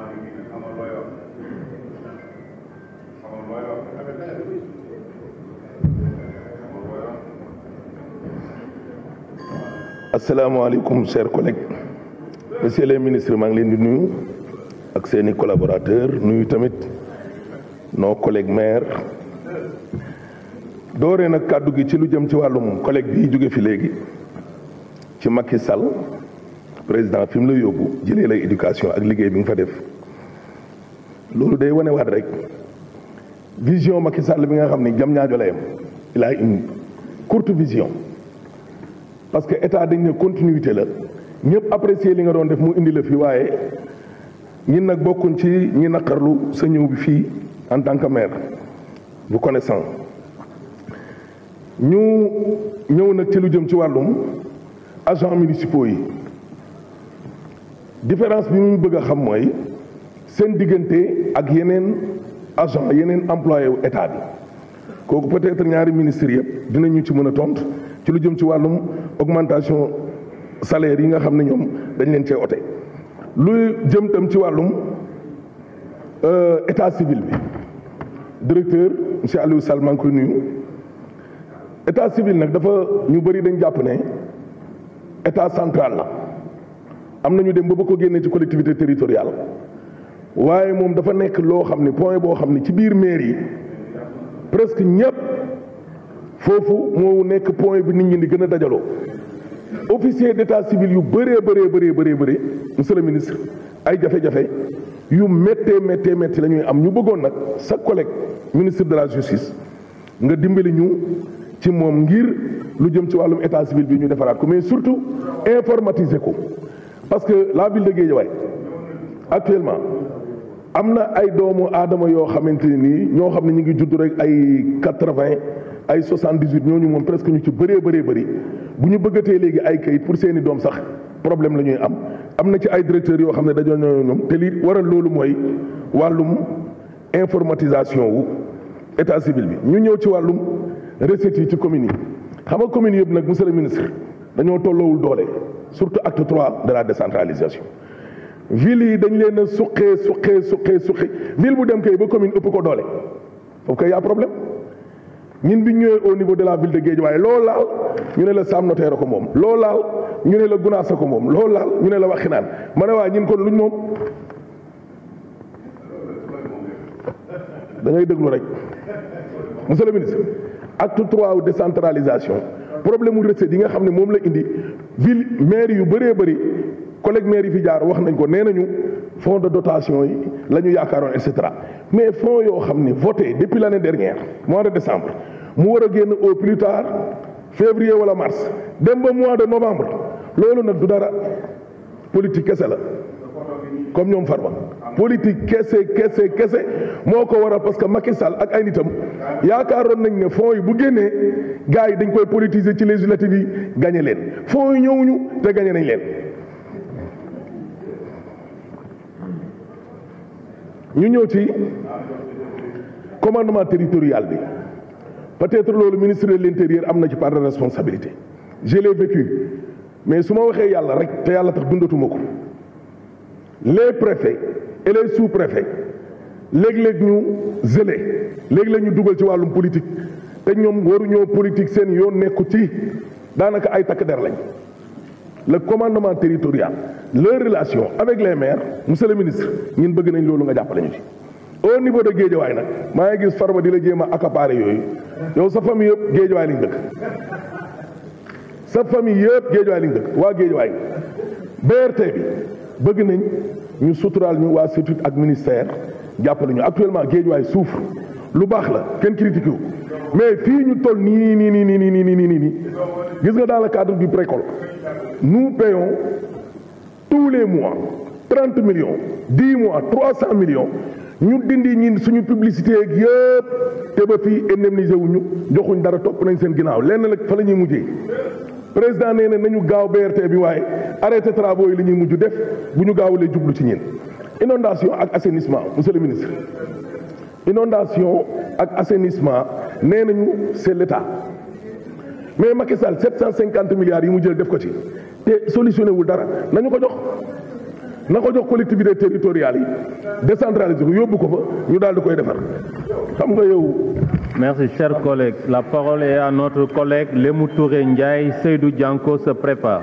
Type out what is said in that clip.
maa ngi nii nag xamal looy wax ministre maa ngi leen di nuyu ak seeni collaborateur nuyu tamit noo collègues maires doore nag kàddu gi ci lu jëm ci wàllum collègue bi jóge fi léegi ci Macky sal président fi mu la yóbbu jëlee lay éducation ak liggéey bi nga fa def loolu day que rek vision Macky bi nga xam a une courte vision parce que état dañ continuité la ñëpp apprécier li nga doon def mu indi fi ci ñi sa en tant que maire vous connaissant ñu ñëw lu jëm agents municipaux yi différence bi bëgg seen diggante ak yeneen agent yeneen employé wu état bi kooku peut-être ñaari ministres yëpp dinañu ci mën a tontu ci lu jëm ci wàllum augmentation salaire yi nga xam ne ñoom dañ leen cee ote lu jëm tam ci wàllum euh, état civil bi directeur monsieur Aliou Sall maa ngi koy état civil nag dafa ñu bëri dañ jàpp ne état central la am na ñu dem ba ba ko génnee ci collectivité teritorial waaye moom dafa nekk loo xam ne point boo xam ne ci biir maire yi presque ñëpp foofu moo nekk point bi nit ñi di gën a dajaloo officier d'état civil yu bëree bëree bëree bëree bëri monsieur ministre ay jafe-jafe yu méttee méttee métti la ñuy am ñu bëggoon nag sa collègue ministre de la justice nga dimbali ñu ci moom ngir lu jëm ci wàllum état civil bi ñu defaraat ko mais surtout informatiser ko parce que la ville de Guédiawaye actuellement am na ay doomu aadama yoo xamante ne nii ñoo xam ne ñu ngi judd rek ay quatre-vingt ay soixante-dix-huit ñooñu moom presque ñu ci bëree bëree bëri bu ñu bëggatee léegi ay kayit pour seeni doom sax problème la ñuy am am na ci ay directeurs yoo xam ne dañoo ñoo ñoom te li waral loolu mooy wàllum informatisation wu état civil bi ñu ñëw ci wàllum recettes yi ci communes yi xam nga communes yëpp nag monsieur le ministre dañoo tolloowul doole surtout acte trois de la décentralisation ville yi dañu leen a suqee suqee suqee suqee ville bu dem kay ba commune ëpp ko doole foofu kay y' problème ñun bi ñëwee au niveau de la ville de Guédiawaye loo laal ñu ne la Sam Notaire ko moom loo laal ñu ne la Gunaas ko moom loo laal ñu ne la Waxinaan ma ne waa ñun kon luñ moom da ngay déglu rek monsieur le ministre acte trois décentralisation problème mu recette yi nga xam ne moom la indi ville maire yu bëree bëri. collègue maire yi fi jaar wax nañ ko nee nañu fonds de dotation yi lañu yaakaaroon et mais fonds yoo xam ni voté depuis l' année dernière mois de décembre mu war a génn au plus tard février wala mars dem ba mois de novembre loolu nag du dara politique kese la comme ñoom Farba politique kese kese kese moo ko waral parce que Macky Sall ak ay yaakaar yaakaaroon nañ ne fonds yi bu génnee gars yi dañ koy politiser ci législative yi gagné leen fonds yi ñëwuñu te gagné nañ leen. ñu ñëw ci commandement territorial bi peut-être loolu ministre de l'intérieur am na ci part de responsabilité je l'ai mais su ma waxee yàlla rek te yàlla tax dundatuma ko les préfets et les sous-préfets léeg-léeg ñu zélé léeg-léeg ñu dugal ci wàllum politique te ñoom waruñoo politique seen yoon nekku ci daanaka ay takk der lañ le commandement territorial leur relation avec les maires monsieur le ministre ñun bëgg nañ loolu nga jàppale ñu ci au niveau de géejawaay nag maa ngi gis farma di la jéem a accaparer yooyu yow sa famille yëpp géejawaay liñ dëkk sa famille yëpp géejawaay liñ dëkk waa géejawaay BRT bi bëgg nañ ñu suturaal ñu waa statut ak ministère jàppale ñu actuellement géejawaay souffre lu baax la kenn critique wu mais fii ñu toll nii nii nii nii nii nii nii nii nii gis nga dans le cadre du précole nous payons tous les mois 30 millions 10 mois 300 millions Nous dindi ñin suñu publicité ak yépp te ba fi indemnisé wuñu joxuñ dara top nañ seen ginaaw lén nak fa lañuy mujjé président néna na nañu gaaw BRT bi way arrêté travaux yi travailler ñuy def nous ñu nous ci inondation ak assainissement monsieur le ministre inondation ak assainissement nous, c'est l'État mais Macky 750 milliards yi mu jël def ko ci et solutioné vous dara Nous ko jox jox collectivité territoriale yi décentralisé ko ko fa ñu dal di koy xam nga yow. Merci, chers collègues. La parole est à notre collègue Touré Ndiaye. Seydou Dianko se prépare.